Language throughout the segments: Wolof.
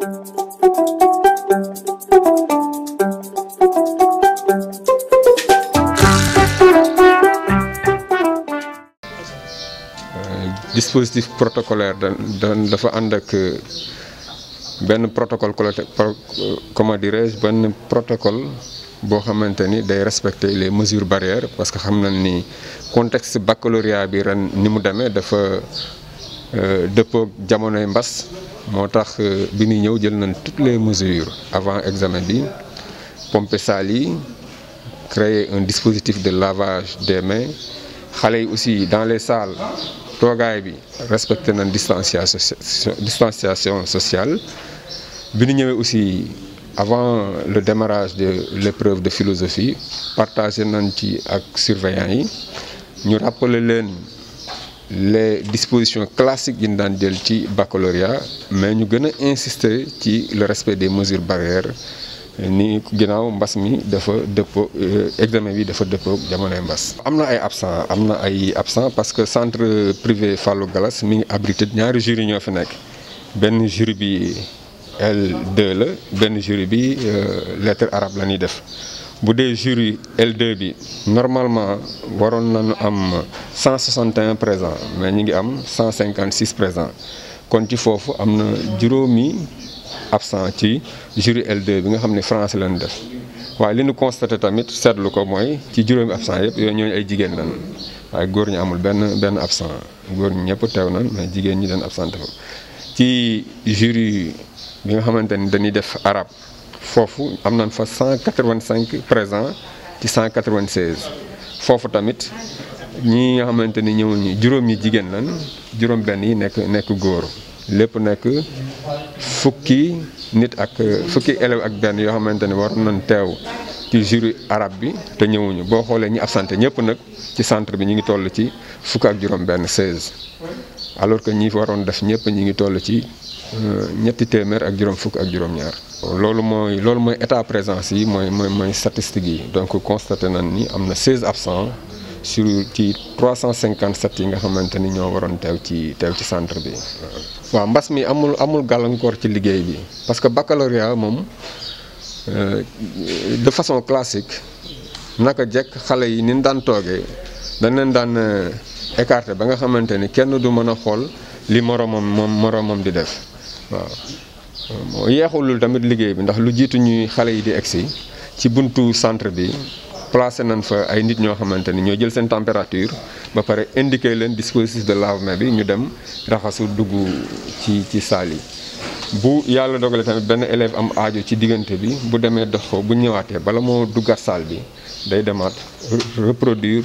Euh, dispositif protocolaire dafa ànd ak euh, benn protocole euh, comment dirais-je benn protocole boo xamante ni day respecter les mesures barrières parce que xam nañ ni contexte baccalauréat bi ren ni mu demee dafa dëppoo jamonoy mbas moo tax euh, bi ñuy ñëw jël nañ toutes les mesures avant examen bi pomper salle yi créer un dispositif de lavage des mains xale yi aussi dans les salles toogaay bi respecté nañ distanciation distanciation sociale bi ñu ñëwee aussi avant le démarrage de l'épreuve de philosophie partagé nañ ci ak surveillants yi ñu rappeler leen. les disposition classique yi ñu daan jël ci baccalauréat mais ñu gën a insister ci le respect des mesures barrières ni ginnaaw mbas mi dafa dëppoo euh, examen bi dafa dëppoo jamonoy mbas. am na ay absent am na ay absent parce que centre privé Fallou Gallas mi ngi abrité ñaari jury ñoo fi nekk benn jury bi L2 la benn juri bi euh, lettre arab la ñuy def. bu dee jury L2 bi normalement waroon nañu am cent 161 présents mais ñu ngi am cent cinquante 156 présents kon ci foofu am na juróomi absent ci jury l bi nga xam ne France lañ def waaye li nu constaté tamit seetlu ko mooy ci juróomi absent yëpp yooyu ñooñu ay jigéen lañ waaye góor ñi amul benn benn absent góor ñi ñëpp teew na mais jigéen ñi dañ absenté fa ci jury bi nga xamante ni dañuy def arab foofu am nañ fa 185 présents ci 196 foofu tamit ñi nga xamante ni ñëwuñu juróom yi jigéen lan juróom benn yi nekk nekk góor lépp nekk fukki nit ak fukki élève ak benn yoo xamante ne war nañ teew ci jury arab bi te ñëwuñu boo xoolee ñi absenté ñëpp nag ci centre bi ñu ngi toll ci fukk ak juróom benn 16 alors que ñi waroon def ñëpp ñi ngi toll ci euh, ñetti téeméer ak juróom fukk ak juróom-ñaar. loolu mooy loolu mooy état présence yi mooy mooy mooy statistiques yi donc constaté na ni am na 16 absents sur ci trois 357 yi nga xamante ni ñoo waroon teew ci teew ci centre bi. waaw mbas mi amul amul gàllankoor ci liggéey bi parce que baccalauréat moom euh, de façon classique naka jekk xale yi ni ñu daan toogee dañ leen daan. Euh, écarté ba nga xamante ni kenn du mën a xool li moromam moom moromam di def waaw yeexulul tamit liggéey bi ndax lu jiitu ñuy xale yi di egg si ci buntu centre bi placé nañ fa ay nit ñoo xamante ni ñoo jël seen température ba pare indiqué leen dispositif de lavement bi ñu dem raxasu dugg ci ci saal yi bu yàlla dogale tamit benn élève am aajo ci diggante bi bu demee dox ko bu ñëwaatee bala moo duggat saal bi day demaat reproduire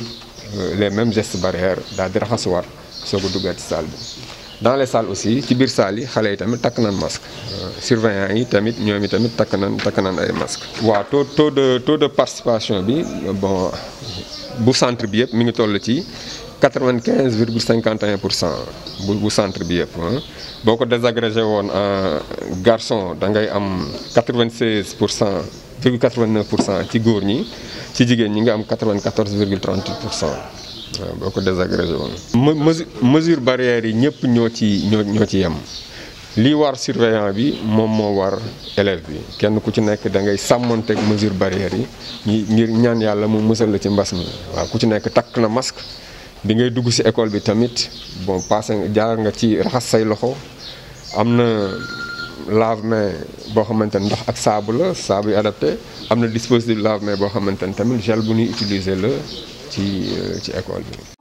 les mêmes gest barrières daal di raxasuwaat soo ko duggaat ci salle bi dans les salles aussi ci biir salle yi xale yi tamit takk nañ masque euh, surveillants yi tamit ñoom yi tamit takk nañ takk nañ ay masque waaw taux taux de taux de participation bi bon bu centre bi yëpp mi ngi toll ci 95 virgule 51 pour cent bu bu centre bi yëpp boo ko désagrégé woon en garçon da ngay am 96 pour cent virgule 89 pour cent ci góor ñi ci jigéen ñi nga am 94 virgule 38 pour cent waaw boo ko désagrégé woon. mesure barrière yi ñëpp ñoo ci ñoo ñoo ci yem li war surveillant bi moom moo war élève bi kenn ku ci nekk da ngay sàmmanteeg mesure barrière yi ngir ñaan yàlla mu musal la ci mbas mi waaw ku ci nekk takk na masque bi ngay dugg si école bi tamit bon passé jaar nga ci raxas say loxo am na. lave mais boo xamante ne ndox ak saabu la saabu yu adapté am na dispositif lave mais boo xamante ne tamit gel bu ñuy utiliser la ci euh, ci école bi.